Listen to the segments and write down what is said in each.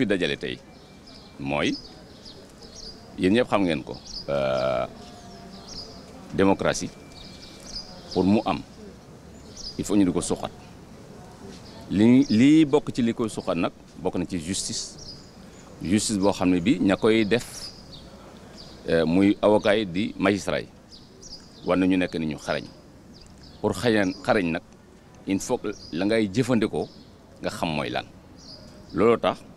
fi dajale tey mooy yéen ñëpp xam ngeen ko euh, démocratie pour mu am il faut ñu di ko suqat li lii bokk ci li koy suqat nag bokk na ci justice justice boo xam ne bi ña koy def euh, muy avocat yi di magistrat war na ñu nekk ni ñu xarañ pour xañan xarañ nag il faut la ngay jëfandikoo nga xam mooy lan looloo tax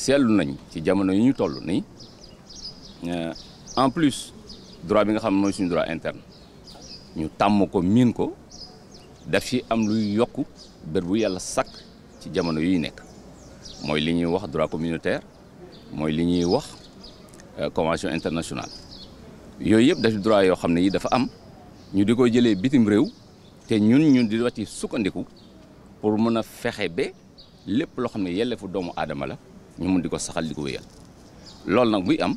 seetlu nañ ci jamono yi ñu toll nii euh, en plus droit bi nga xam ne mooy suñu droit interne ñu tàmm ko miin ko daf ci am luy yokk bër bu yàlla sakk ci jamono yuy nekk mooy li ñuy wax droit communautaire mooy li ñuy wax euh, convention international yooyu yëpp daf droit yoo xam ne yi dafa am ñu di ko jëlee bitim réew te ñun ñun di wàcc sukkandiku pour mën a fexe ba lépp loo xam ne yelleefu doomu aadama la ñu mun di ko saxal di ko wéyal loolu nag buy am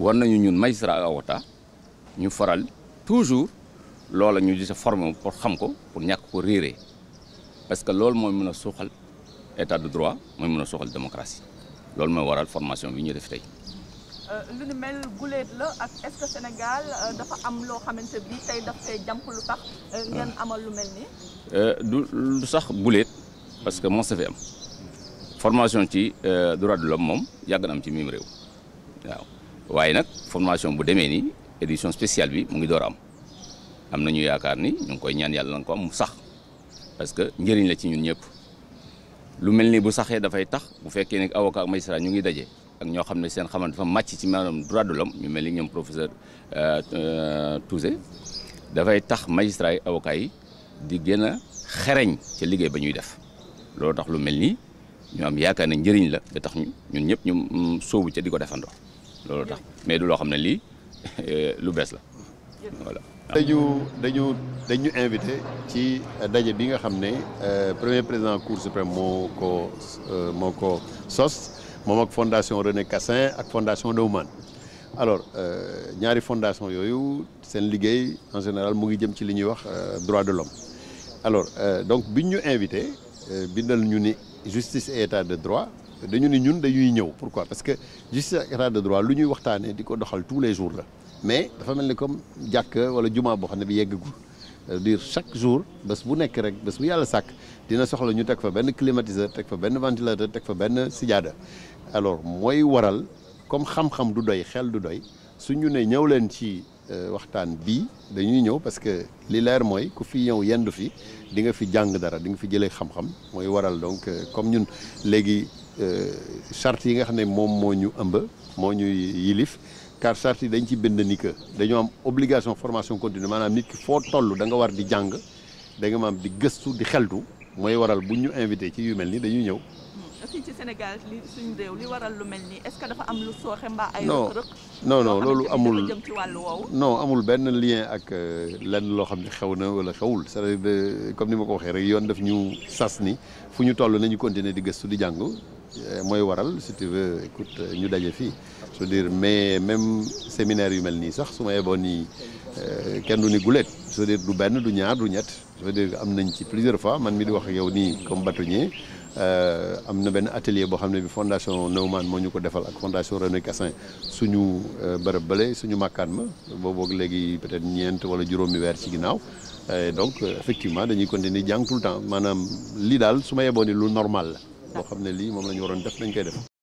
war nañu ñun magistrat avocat ñu faral toujours loola ñu di sa former pour xam ko pour ñàkk ko réeree parce que loolu mooy mën a suuxal état de droit mooy mun a suuxal démocratie loolu mooy waral formation bi ñu def tey. Euh, lu ni mel guleet la est que Sénégal euh, dafa am loo xamante bi tey daf fee jàmp lu tax euh, ngeen ah. amal lu mel nii. du du sax guleet parce que moo sa fi am. formation ci euh, droit de l'homme moom yàgg na am ci miim réew waaw waaye nag formation bu demee nii édition spéciale bi mu ngi door am am nañu yaakaar ni ñu ngi koy ñaan yàlla na ko am mu sax parce que njëriñ la ci ñun ñëpp lu mel ni bu saxee dafay tax bu fekkee ne avocat ak ñu ngi daje ak ñoo xam ne seen xaman dafa màcc ci maanaam droit de l'homme ñu mel ni ñoom professeur euh, euh, Touzé dafay tax magistrat yi di gën a xereñ ca liggéey ba ñuy def loolu tax lu mel nii ñu am yaakaar ne njëriñ la ba tax ñu ñun ñëpp ñu sóobu ca di ko defando loolu tax mais du loo xam ne lii lu bees la voilà. dañu dañu dañu invité ci daje bi nga xam ne euh, premier président cour suprême moo ko euh, moo ko sos moom ak fondation René Cassin ak fondation de Neumann alors euh, ñaari fondation yooyu seen liggéey en général mu ngi jëm ci li ñuy wax droit de l'homme alors donc biñ ñu invité bindal ñu ni justice et état de droit dañu ne ñun dañuy ñëw pourquoi parce que justice ak état de droit lu ñuy waxtaanee di ko doxal tous les jours la mais dafa mel ni comme jàkk wala jumaa boo xam ne bi yeggagul dire chaque jour bés bu nekk rek bés bu yàlla sàkk dina soxla ñu teg fa benn climatiser teg fa benn ventilateur teg fa benn sijaada alors mooy waral comme xam-xam du doy xel du doy suñu ne ñëw leen ci Euh, waxtaan bi dañuy ñëw parce que li leer mooy ku fi ñëw yendu fi di nga fi jàng dara di nga fi jëlee xam-xam mooy waral donc euh, comme ñun léegi euh, charte yi nga xam ne moom moo ñu ëmb moo ñuy yilif car charte yi dañ ci bind ni que dañoo am obligation formation continue maanaam nit ki foo tollu da nga war di jàng da nga am di gëstu di xeltu mooy waral bu ñu invité ci yu mel ni dañuy ñëw fii li suñu réew li waral lu mel nii est-ce que dafa am lu sooxe mbaa ay rëq-rëq non non loolu amul jëm amul benn lien ak euh, lenn loo xam ne xew na wala xewul c'est-à-dire comme ni ma ko waxee rek yoon daf ñu sas ni fu ñu toll nañu continuer di gëstu di jàng euh, mooy waral si tu veux écoute euh, ñu daje fii je veux dire mais même séminaire yu mel nii sax su ma yeboon nii kenn du ni guleet je veux dire du benn du ñaar du ñett je veux dire am nañ ci plusieurs fois man mi di wax yow nii comme bâtonnier Euh, am na benn atelier boo xam ne bi fondation maan moo ñu ko defal ak fondation René Cassin suñu euh, bërëb bale suñu màkkaan ma booboog léegi peut-être ñeent wala juróomi weer ci ginnaaw donc euh, effectivement dañuy continuer jàng tout le temps maanaam lii daal su ma yeboo ni lu normal la boo xam ne lii moom la ñu waroon def dañ koy def